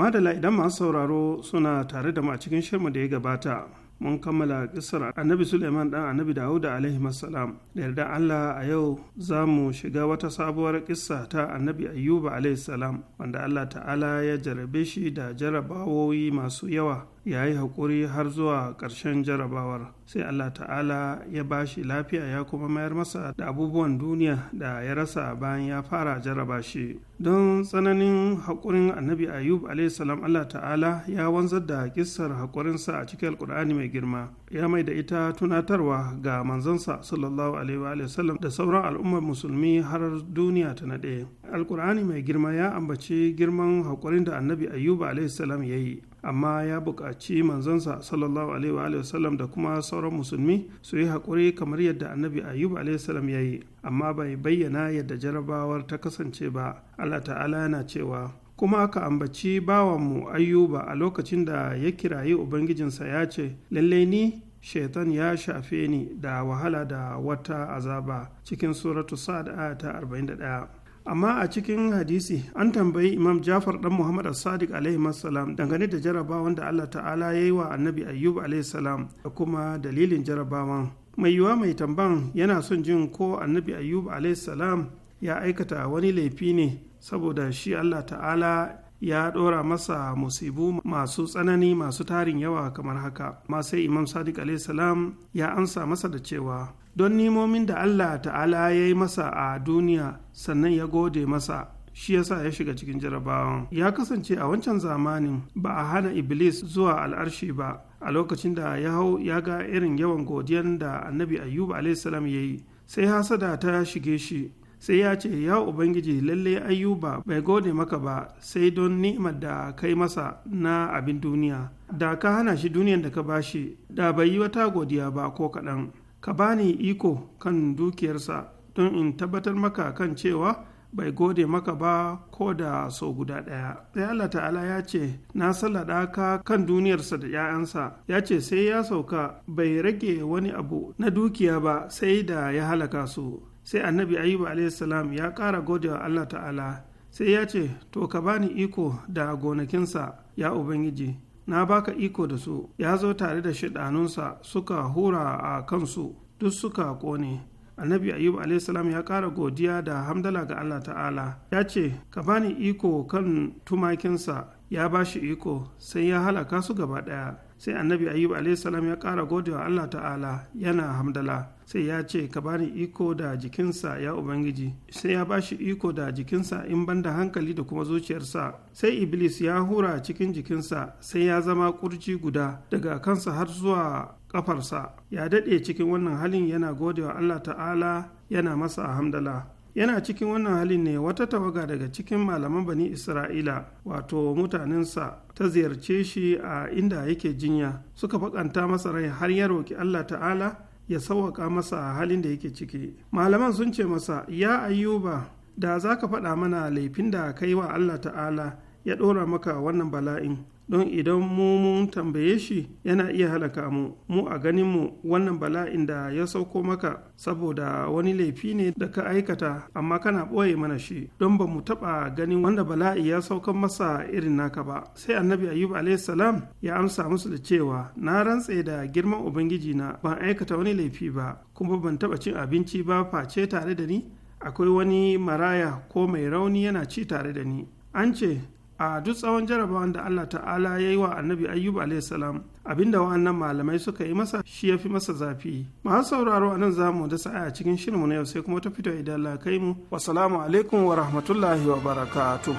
madala idan masu sauraro suna tare da mu a cikin shirmu da ya gabata mun kammala kisar annabi suleiman dan annabi dawuda alaihi salam da yarda allah a yau za mu shiga wata sabuwar kissa ta annabi ayyuba alaihi salam wanda allah ta'ala ya jarabe shi da jarabawoyi masu yawa ya yi haƙuri har zuwa ƙarshen jarabawar sai allah ta'ala ya ba shi lafiya ya kuma mayar masa da abubuwan duniya da ya rasa bayan ya fara jaraba shi don tsananin haƙurin annabi ayub a.s. allah ta'ala ya wanzar da kissar haƙurinsa a cikin alƙur'ani mai girma ya mai da ita tunatarwa ga manzansa sallallahu alaihi sallam da sauran al'ummar musulmi har duniya ta naɗe alkur'ani mai girma ya ambaci girman haƙurin da annabi ayyuba alaihi salam ya yi amma ya buƙaci manzansa sallallahu alaihi sallam da kuma sauran musulmi su yi haƙuri kamar yadda annabi ayyuba alaihi salam ya yi amma bai bayyana yadda jarabawar ta kasance ba allah ta'ala yana cewa kuma aka ambaci bawanmu ayyuba a lokacin da ya kirayi ubangijinsa ya ce 'Lallai ni shaitan ya shafe ni da wahala da wata azaba cikin suratu sa'ad ta 41 amma a cikin hadisi an tambayi imam jafar dan muhammad sadiq alaihi salam dangane da jarabawan da allah ta'ala ya yi wa annabi ayyub alaihi salam da kuma dalilin jarabawan mai yiwa mai tamban yana son jin ko annabi ayyub alaihi salam ya aikata wani laifi ne saboda shi Allah ta'ala ya ɗora masa musibu masu tsanani masu tarin yawa kamar haka ma sai imam sadiq salam ya amsa masa da cewa don nimomin da Allah ta'ala ya yi masa a duniya sannan ya gode masa shi yasa ya shiga cikin jarabawan ya kasance a wancan zamanin ba a hana iblis zuwa al'arshi ba a lokacin da ya hau ya ga irin yawan godiyan da annabi ayyub salam ya yi sai hasada ta shige shi sai ya ce ya ubangiji lalle ayyuba bai gode maka ba sai don ni'imar da kai masa na abin duniya da ka hana shi duniyar da ka bashi da bai yi wata godiya ba ko kaɗan ka bani iko kan dukiyarsa don in tabbatar maka kan cewa bai gode maka ba ko da sau guda ɗaya. Sai Allah ta'ala ya ce, Na sallaɗa ka kan duniyarsa da ‘ya'yansa, ya ce sai ya sauka bai rage wani abu na dukiya ba sai da ya halaka su. sai annabi ayuba salam ya ƙara godewa allah ta'ala sai ya ce to ka bani iko da gonakinsa ya ubangiji na baka iko da su ya zo tare da shiɗanunsa suka hura a kansu duk suka kone annabi ayyubu salam ya ƙara godiya da hamdala ga allah ta'ala ya ce ka bani iko kan tumakinsa ya ba shi iko sai ya halaka su gaba ɗaya sai annabi ayyubu salam ya ƙara godewa allah ta'ala yana hamdala sai ya ce ka bani iko da jikinsa ya ubangiji sai ya bashi iko da jikinsa in banda hankali da kuma zuciyarsa sai iblis ya hura cikin jikinsa sai ya zama ƙurci guda daga kansa har zuwa kafarsa ya daɗe cikin wannan halin yana gode wa allah ta'ala yana masa hamdala yana cikin wannan halin ne wata tawaga daga cikin malaman bani isra'ila wato mutanensa ta ziyarce shi a inda yake jinya suka faƙanta masa rai har ya roƙi allah ta'ala ya sauwaƙa masa a halin da yake ciki malaman sun ce masa ya ayyuba da za ka faɗa mana laifin da ka yi wa allah ta'ala ya ɗora maka wannan bala'in don idan mu mun tambaye shi yana iya halaka mu mu a ganinmu wannan bala'in da ya sauko maka saboda wani laifi ne da ka aikata amma kana ɓoye mana shi don ba mu taɓa ganin wanda bala'i ya saukan masa irin naka ba sai annabi ayyub salam ya amsa musu da cewa na rantse da girman ubangiji na ban aikata wani laifi ba kuma ban taɓa cin abinci ba face tare da ni akwai wani maraya ko mai rauni yana ci tare da ni an ce a duk tsawon jarabawan da Allah ta'ala ya yi wa annabi ayyub salam abinda wa'annan malamai suka yi masa shi ya fi masa zafi masu sauraro a nan zamu da sa'a cikin shirinmu na yau sai kuma ta fito idan la kai mu wasalamu alaikum wa rahmatullahi wa barakatu.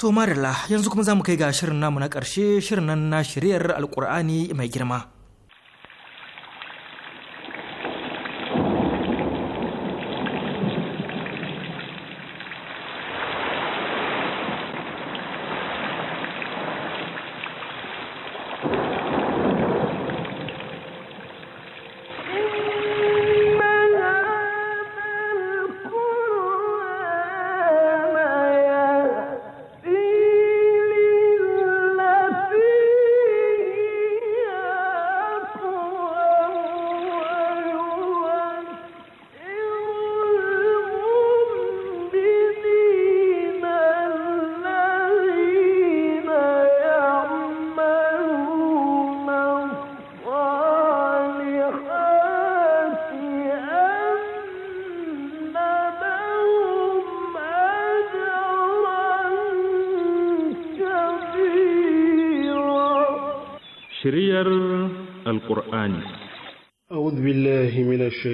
To marilla yanzu kuma za mu kai ga shirin namu na ƙarshe shirin nan na shiryar Alƙur'ani mai girma.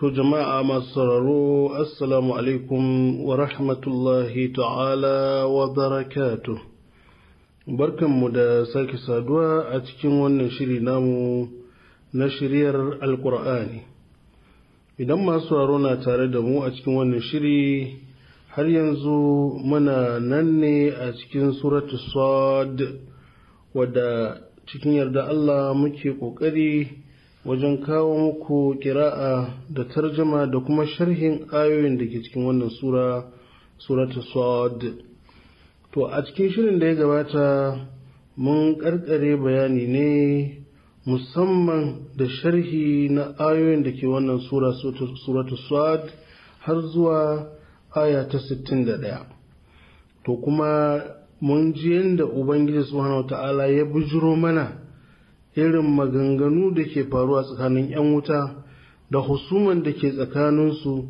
To jama'a masu sauraro, Assalamu alaikum wa rahmatullahi ta'ala wa barakatu. Barkanmu da sake saduwa a cikin wannan shiri namu na shiryar Alƙur'ani. Idan masu sauraro na tare da mu a cikin wannan shiri har yanzu muna nan ne a cikin suratu Sad wadda cikin yarda Allah muke ƙoƙari. wajen kawo muku kira'a da tarjama da kuma sharhin ayoyin da ke cikin wannan sura suratu sa'ad to a cikin shirin da ya gabata mun karkare bayani ne musamman da sharhi na ayoyin da ke wannan sura suratu har zuwa aya ta 61 to kuma mun ji yadda ubangiji subhanahu ta'ala ya bujiro mana irin maganganu da ke faruwa tsakanin 'yan wuta da husuman da ke tsakaninsu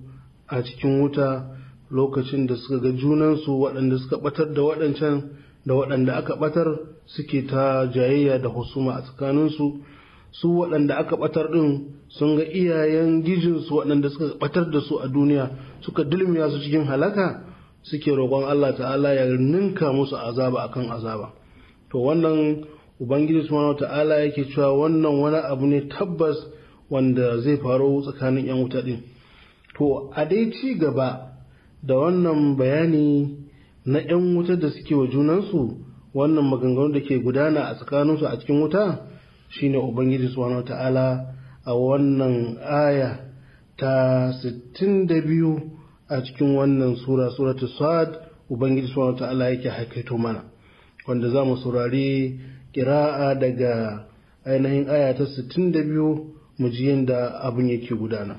a cikin wuta lokacin da suka ga junansu waɗanda suka ɓatar da waɗancan da waɗanda aka ɓatar suke ta jayayya da husuma a tsakaninsu su waɗanda aka ɓatar ɗin sun ga iyayen gijinsu waɗanda suka ɓatar da su a duniya suka dulmiya su cikin halaka suke roƙon Allah ta'ala ya ninka musu azaba akan azaba to wannan ubangiji subhanahu ta'ala yake cewa wannan wani abu ne tabbas wanda zai faru tsakanin yan wuta ɗin to a dai ci gaba da wannan bayani na yan wuta da suke wa junansu wannan maganganu da ke gudana a tsakaninsu a cikin wuta Shi ne ubangiji subhanahu ta'ala a wannan aya ta 62 a cikin wannan sura suratu sad ubangiji subhanahu ta'ala yake haifaito mana wanda za mu saurari kira'a daga ainihin aya ta 62 mu ji yadda abin yake gudana.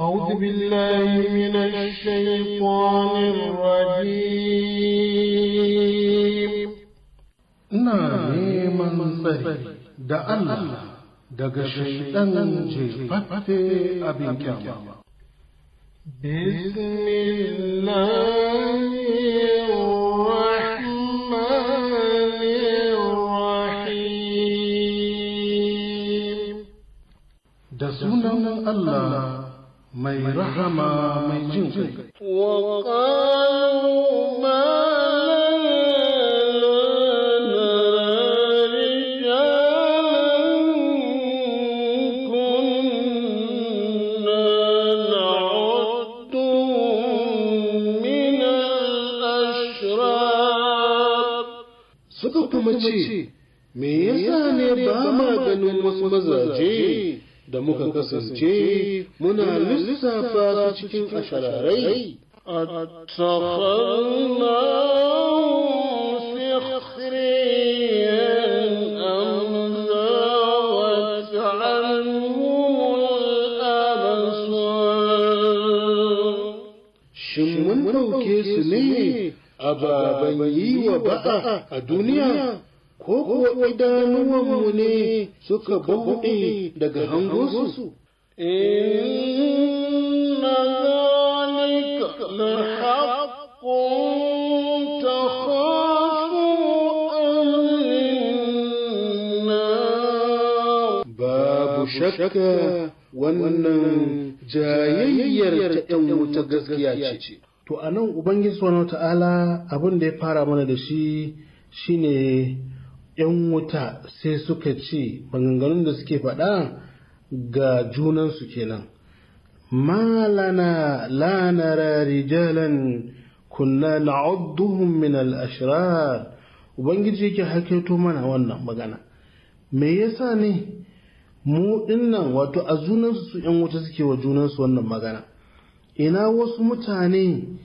أعوذ بالله من الشيطان الرجيم ina neman tsari da Allah daga shaidan jefaffe abin kyama. Bismillah الله ما يرحم ما يجنك وقالوا ما سكوت مچی می یسانی با ما بنو مسمزاجی da muka kasance muna lissafa su cikin ashararai أتخذناهم سخريا أم ذا وجعلهم الأبصار شمن توكيس ليه أبا بني وبقى الدنيا ko kuwa idanuwanmu ne suka bauɗe daga hangonsu. Inna zalika la haqqun takhafu ahlin Babu shakka wannan jayayyar ta ‘yan wuta gaskiya ce. To a nan Ubangiji wa ta'ala abin da ya fara mana da shi shi ne. 'yan wuta sai suka ce maganganun da suke faɗa ga junansu kenan malana lana rijalan kunna na'udduhum min al-ashrar ubangiji yake hakaito mana wannan magana me yasa ne mu dinnan wato a junansu su 'yan wuta suke wa junansu wannan magana ina wasu mutane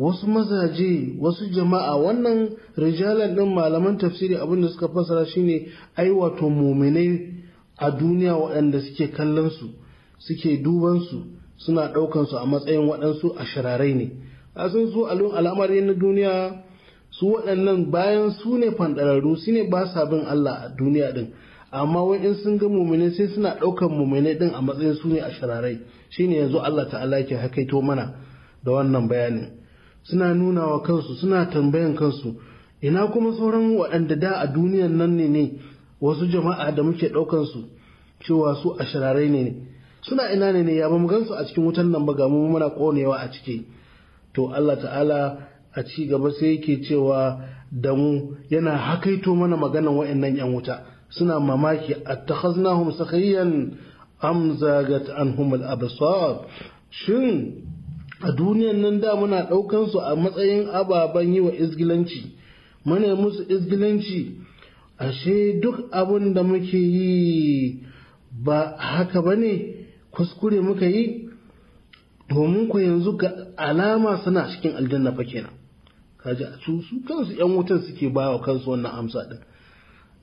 wasu mazaje wasu jama'a wannan rijalan ɗin malaman tafsiri abinda suka fassara shine ai wato muminai a duniya waɗanda suke kallon su suke duban su suna ɗaukan a matsayin waɗansu a shirarai ne a sun so al'amari na duniya su waɗannan bayan su ne fanɗararru su ne ba sa bin Allah a duniya ɗin amma wani in sun ga muminai sai suna ɗaukan muminai ɗin a matsayin su ne a shirarai shine yanzu Allah ta'ala ke hakaito mana da wannan bayanin suna nuna wa kansu suna tambayan kansu ina kuma sauran waɗanda da a duniyan nan ne ne wasu jama'a da muke ɗaukan su cewa su a shirarai ne suna ina ne ne ya ba mu gansu a cikin wutan nan ba ga mu muna ƙonewa a ciki to Allah ta'ala a ci gaba sai yake cewa da mu yana hakaito mana maganan waɗannan yan wuta suna mamaki attakhaznahum sakhiyan am zagat anhum al-absar shin a duniyan nan da muna ɗaukan su a matsayin ababen yi wa izgilanci mana musu izgilanci ashe duk abin da muke yi ba haka ba ne kuskure muka yi domin ku yanzu ga alama suna cikin aljanna fa kenan kaji a su kansu yan wutan suke ba wa kansu wannan amsa din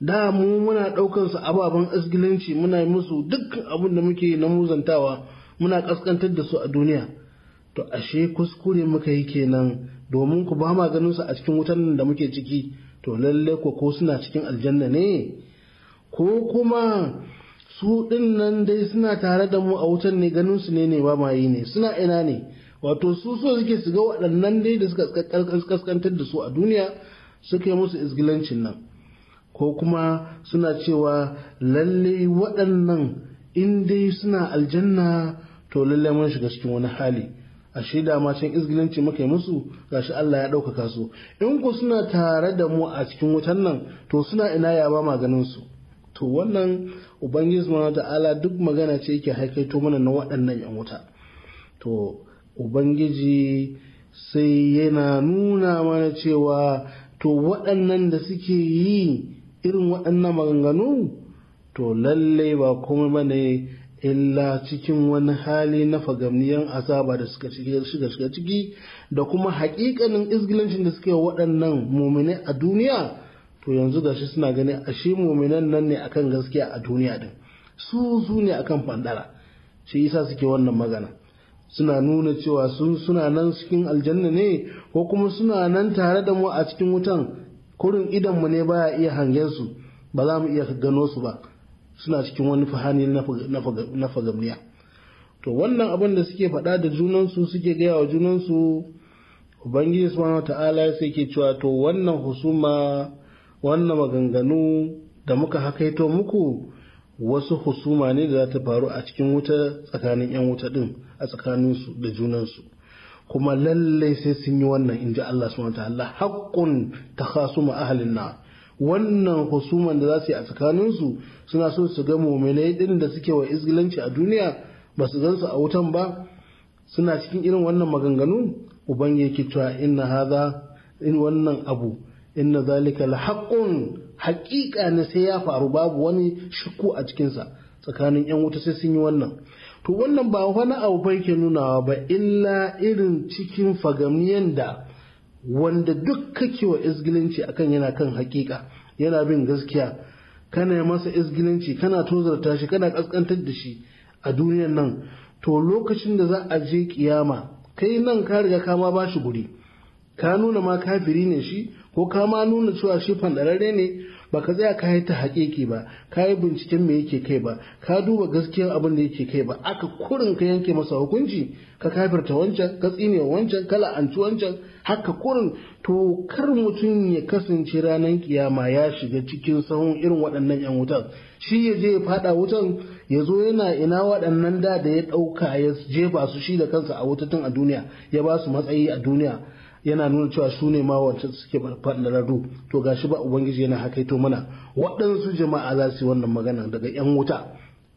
da mu muna ɗaukan su ababen izgilanci muna musu duk abin da muke na muzantawa muna ƙasƙantar da su a duniya to ashe kuskure muka yi kenan domin ku ba ma ganin su a cikin wutan da muke ciki to lalle ko ko suna cikin aljanna ne ko kuma su ɗin nan dai suna tare da mu a wutan ne ganin su ne ne ba ma yi ne suna ina ne wato su so suke su ga waɗannan dai da suka kaskantar da su a duniya suka yi musu izgilancin nan ko kuma suna cewa lalle waɗannan in dai suna aljanna to lalle mun shiga cikin wani hali a shaida ma can izgilanci muka yi musu gashi Allah ya ɗaukaka su in ku suna tare da mu a cikin wutan nan to suna ina ya ba maganin su to wannan ubangiji subhanahu ta'ala duk magana ce yake haikaito mana na waɗannan yan wuta to ubangiji sai yana nuna mana cewa to waɗannan da suke yi irin waɗannan maganganu to lallai ba komai ba illa cikin wani hali na fagamniyan asaba da suka shiga ciki da kuma haƙiƙanin izgilancin da suke waɗannan mumine a duniya to yanzu da shi suna gani a shi muminan nan ne akan gaskiya a duniya din su su ne akan fandara shi yasa suke wannan magana suna nuna cewa su suna nan cikin aljanna ne ko kuma suna nan tare da mu a cikin wutan kurin idan mu ne baya iya hangen su ba za mu iya gano su ba suna cikin wani fahani na fagamniya to wannan abin da suke faɗa da junansu suke gaya wa junansu ubangiji subhanahu ta'ala sai ke cewa to wannan husuma wannan maganganu da muka hakaito muku wasu husuma ne da za ta faru a cikin wuta tsakanin 'yan wuta din a tsakaninsu da junansu kuma lallai sai sun yi wannan in ji Allah subhanahu ta'ala haqqun takhasumu ahlin nar wannan husuman da za su yi a tsakaninsu suna so su ga muminai din da suke wa izgilanci a duniya ba su gansu a wutan ba suna cikin irin wannan maganganu ubangiji ke cewa inna haza in wannan abu inna zalika lahaqqun haƙiƙa ne sai ya faru babu wani shakku a cikinsa tsakanin yan wuta sai sun yi wannan to wannan ba wani abu ba ke nunawa ba illa irin cikin fagamiyan da wanda duk kake wa izgilinci akan yana kan hakika yana bin gaskiya kana masa izgilinci kana tozarta shi kana kaskantar da shi a duniyan nan to lokacin da za a je kiyama kai nan ka riga ka ma bashi guri ka nuna ma kafiri ne shi ko ka ma nuna cewa shi fandararre ne ba ka tsaya ka yi ta haƙiƙi ba ka yi binciken me yake kai ba ka duba gaskiyar abin da yake kai ba aka kurin ka yanke masa hukunci ka kafirta wancan ka tsine wancan ka la'anci wancan haka kurin to kar mutum ya kasance ranar kiyama ya shiga cikin sahun irin waɗannan yan wutan shi ya je ya faɗa wutan ya zo yana ina waɗannan da da ya ɗauka ya jefa su shi da kansa a wuta a duniya ya ba su matsayi a duniya yana nuna cewa su ne ma wancan suke fadararru to gashi ba ubangiji yana hakaito mana waɗansu jama'a za su yi wannan magana daga 'yan wuta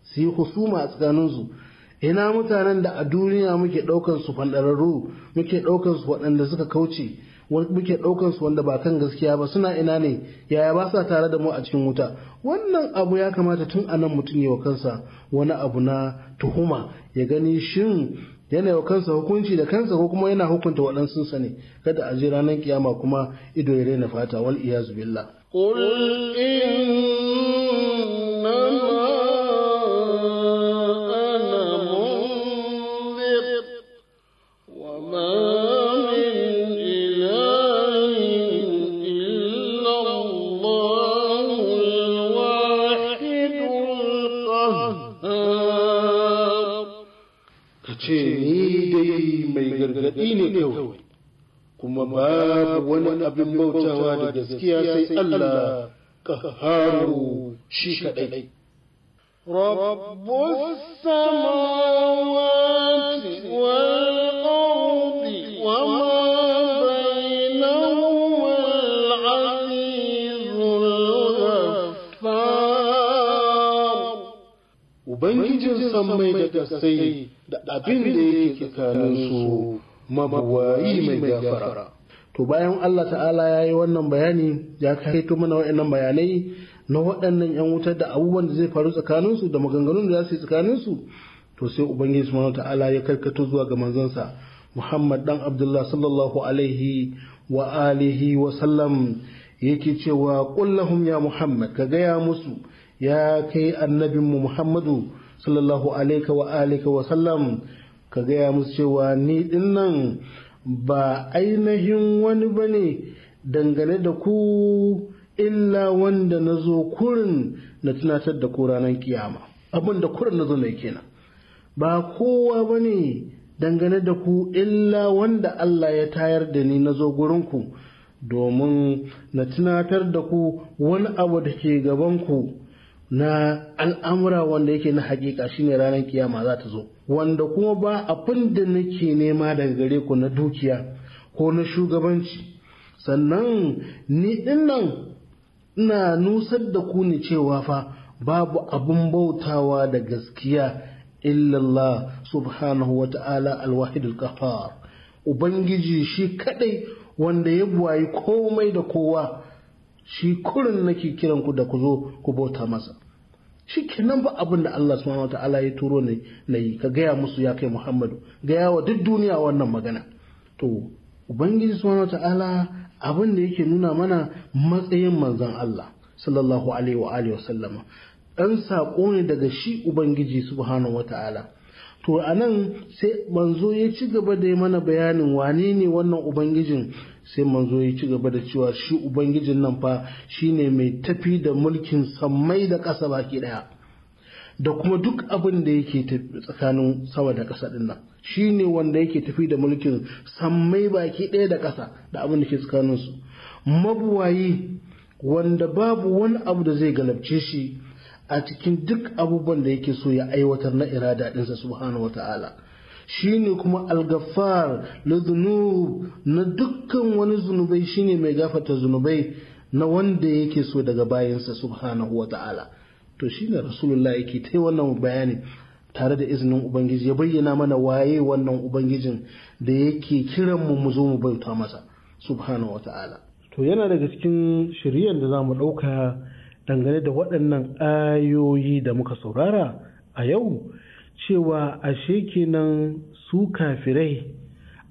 su yi husuma a tsakaninsu ina mutanen da a duniya muke ɗaukan su faɗararru, muke ɗaukan su waɗanda suka kauce muke ɗaukan su wanda ba kan gaskiya ba suna ina ne yaya ba sa tare da mu a cikin wuta wannan abu ya kamata tun anan mutum ya wa kansa wani abu na tuhuma ya gani shin yana wa kansa hukunci da kansa ko kuma yana hukunta waɗansu sa ne kada a je ranar kiyama kuma ido ya raina fata wal iyazu billah qul ba. gaskiya sai Allah ƙaharu shi kaɗai. رب السماوات والأرض وما بينهما العزيز الغفار وبنجي سمي دكسي da abin da yake tsakaninsu mabawayi mai gafara. to bayan Allah ta'ala ya yi wannan bayani ya kai to mana wa'annan bayanai na waɗannan 'yan wutar da abubuwan da zai faru tsakaninsu da maganganun da za su yi tsakaninsu to sai ubangiji subhanahu ta'ala ya karkato zuwa ga manzansa muhammad dan abdullah sallallahu alaihi wa alihi wa sallam yake cewa kullahum ya muhammad ka gaya musu ya kai annabinmu muhammadu sallallahu alaihi wa alihi wa sallam ka gaya musu cewa ni dinnan ba ainihin wani ba ne dangane da ku illa wanda na zo kurin na tunatar da ku ranar kiyama abin da kurin na zo na kenan ba kowa ba ne dangane da ku illa wanda Allah ya tayar da ni na zo gurinku domin na tunatar da ku wani abu da ke gabanku na al'amura wanda yake na hakika shine ranar kiyama za ta zo wanda kuma ba abin da nake nema daga gare ku na dukiya ko na shugabanci sannan ni dinnan ina nusar da ku ne cewa fa babu abin bautawa da gaskiya illallah subhanahu wa ta'ala alwahidul kahar ubangiji shi kadai wanda ya buwayi komai da kowa shi kurin nake kiran ku da ku zo ku bauta masa shi kenan ba abin da Allah subhanahu wataala ya turo ne na yi ka gaya musu ya kai Muhammadu gaya wa duk duniya wannan magana to ubangiji subhanahu wataala abin da yake nuna mana matsayin manzon Allah sallallahu alaihi wa alihi wasallama dan sako ne daga shi ubangiji subhanahu wataala to anan sai manzo ya ci gaba da yi mana bayanin wane ne wannan ubangijin sai manzo ya ci gaba da cewa shi ubangijin nan fa shine mai tafi da mulkin samai da ƙasa baki ɗaya da kuma duk abin da yake tsakanin sama da ƙasa ɗin nan shine wanda yake tafi da mulkin sammai baki ɗaya da ƙasa da abin da ke tsakanin su mabuwayi wanda babu wani abu da zai galabce shi a cikin duk abubuwan da yake so ya aiwatar na irada ɗinsa subhanahu wata'ala shine kuma algafar lidhunub na dukkan wani zunubai shine mai gafata zunubai na wanda yake so daga bayansa subhanahu wa ta'ala to shine rasulullah yake ta wannan bayani tare da izinin ubangiji ya bayyana mana waye wannan ubangijin da yake kiran mu mu zo mu bauta masa subhanahu wa ta'ala to yana daga cikin shiriyar da za mu ɗauka dangane da waɗannan ayoyi da muka saurara a yau cewa ashe kenan su kafirai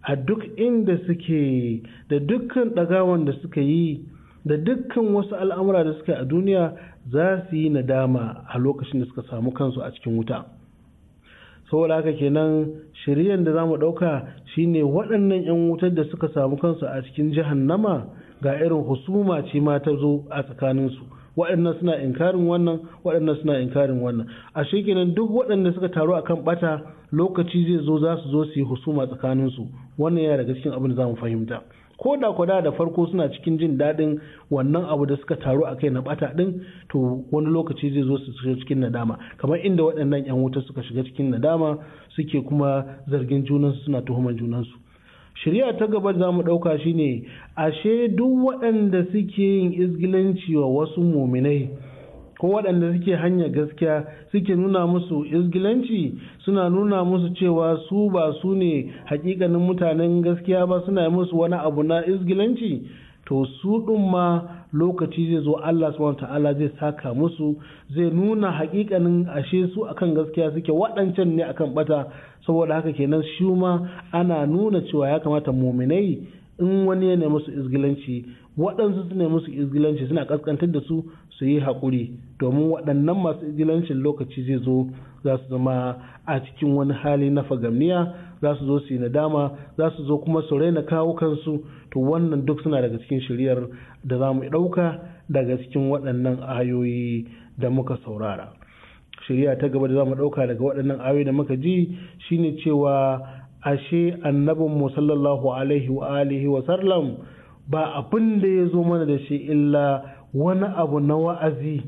a duk inda suke da dukkan ɗagawan da suka yi da dukkan wasu al'amura da suka a duniya za su yi nadama a lokacin da suka samu kansu a cikin wuta saboda haka kenan shiryan da za mu ɗauka shine waɗannan 'yan wutar da suka samu kansu a cikin nama ga irin husuma ce ma ta zo a tsakaninsu waɗannan suna inkarin wannan waɗannan suna inkarin wannan a shekinan duk waɗanda suka taru akan bata lokaci zai zo za su zo su yi husuma tsakaninsu wannan yana daga cikin abin da za mu fahimta ko da kwada da farko suna cikin jin daɗin wannan abu da suka taru a kai na bata ɗin to wani lokaci zai zo su shiga cikin nadama kamar inda waɗannan 'yan wuta suka shiga cikin nadama suke kuma zargin junansu suna tuhumar junansu shari'a ta gaba za mu ɗauka shine ashe duk waɗanda suke yin izgilanci wa wasu muminai ko waɗanda suke hanya gaskiya suke nuna musu izgilanci suna nuna musu cewa su ba su ne hakikanin mutanen gaskiya ba suna yi musu wani abu na izgilanci to su ɗin ma lokaci zai zo Allah subhanahu ta'ala zai saka musu zai nuna hakikanin ashe su akan gaskiya suke waɗancan ne akan bata saboda haka kenan shi ma ana nuna cewa ya kamata muminai in wani ya nemi su izgilanci waɗansu su nemi su izgilanci suna kaskantar da su su yi haƙuri domin waɗannan masu izgilancin lokaci zai zo za su zama a cikin wani hali na fagamniya za su zo su yi nadama za su zo kuma su raina kawo kansu to wannan duk suna daga cikin shiriyar da za mu ɗauka daga cikin waɗannan ayoyi da muka saurara shirya ta gaba da za mu ɗauka daga waɗannan ayoyi da muka ji shine cewa ashe annabin mu sallallahu alaihi wa alihi wa sallam ba abin da ya zo mana da shi illa wani abu na wa'azi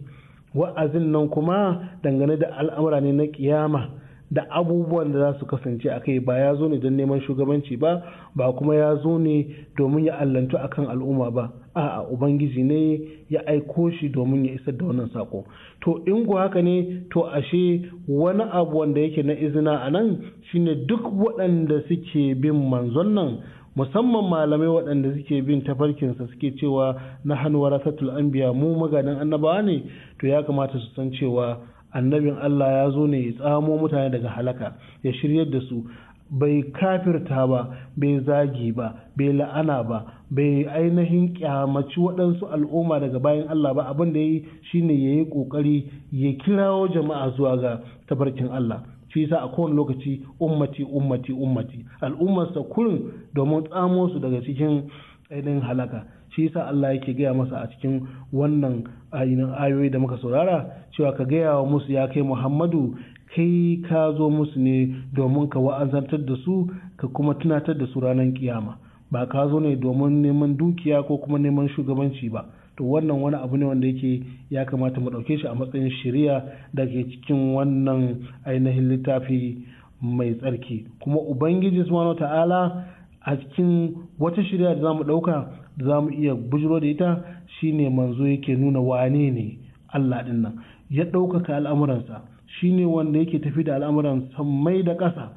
wa'azin nan kuma dangane da al'amura ne na kiyama da abubuwan da za su kasance a kai ba ya zo ne don neman shugabanci ba ba kuma ya zo ne domin ya allantu a kan al'umma ba a ubangiji ne ya aiko shi domin ya isar da wannan sako to in ku haka ne to ashe wani abu wanda yake na izina a nan shine duk waɗanda suke bin manzon nan musamman malamai waɗanda suke bin tafarkinsa suke cewa na hannu warasatul anbiya mu maganin annabawa ne to ya kamata su san cewa annabin Allah ya zo ne ya tsamo mutane daga halaka ya shiryar da su bai kafirta ba bai zagi ba bai la'ana ba bai ainihin kyamaci waɗansu al'umma daga bayan Allah ba abin da ya yi shine ya yi ƙoƙari ya kirawo jama'a zuwa ga tabarkin Allah shi yasa a kowane lokaci ummati ummati ummati al'ummarsa kurin domin tsamo su daga cikin ainihin halaka shi sa Allah yake gaya masa a cikin wannan ainihin ayoyi da muka saurara cewa ka gaya wa musu ya kai muhammadu kai ka zo musu ne domin ka wa'azantar da su ka kuma tunatar da su ranar kiyama ba ka zo ne domin neman dukiya ko kuma neman shugabanci ba to wannan wani abu ne wanda yake ya kamata mu ɗauke shi a matsayin shari'a da ke cikin wannan ainihin littafi mai tsarki kuma ubangiji subhanahu ta'ala a cikin wata shari'a da zamu ɗauka za mu iya bujiro da ita shine manzo yake nuna wane ne Allah din nan ya ɗaukaka al'amuransa shine wanda yake tafi da al'amuran samai da ƙasa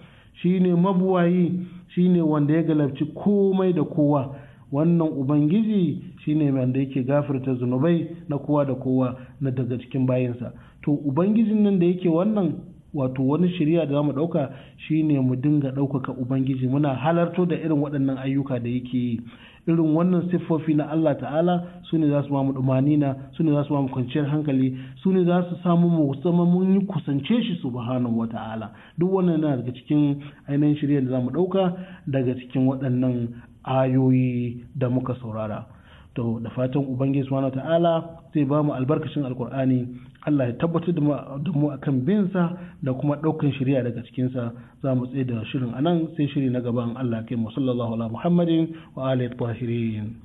shine mabuwayi shine wanda ya galabci komai da kowa wannan ubangiji shine wanda yake gafarta zunubai na kowa da kowa na daga cikin bayinsa to ubangijin nan da yake wannan wato wani shirya da zamu ɗauka shine mu dinga ɗaukaka ubangiji muna halarto da irin waɗannan ayyuka da yake yi irin wannan siffofi na Allah ta'ala su ne za su mamu dumanina su ne za su mamu kwanciyar hankali su ne za su samu mu mun yi kusance shi subhanahu wa ta'ala duk wannan yana daga cikin ainihin shirya da za mu ɗauka daga cikin waɗannan ayoyi da muka saurara to da fatan ubangiji subhanahu ta'ala zai ba mu albarkacin alkur'ani Allah ya tabbatar da mu akan binsa da kuma ɗaukan shirya daga cikinsa za mu tsaye da shirin a nan sai shiri na gaban Allah kai mu sallallahu ala muhammadin wa alihi tahirin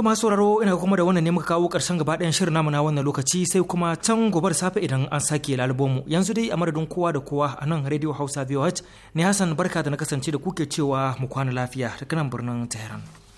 To masu sauraro ina kuma da wannan ne muka kawo ƙarshen gaba ɗayan shirin namu na wannan lokaci sai kuma can da safe idan an sake lalubomu yanzu dai a madadin kowa da kowa a nan Radio Hausa VOH ne Hassan barka da na kasance da kuke cewa mu kwana lafiya daga nan birnin Tehran.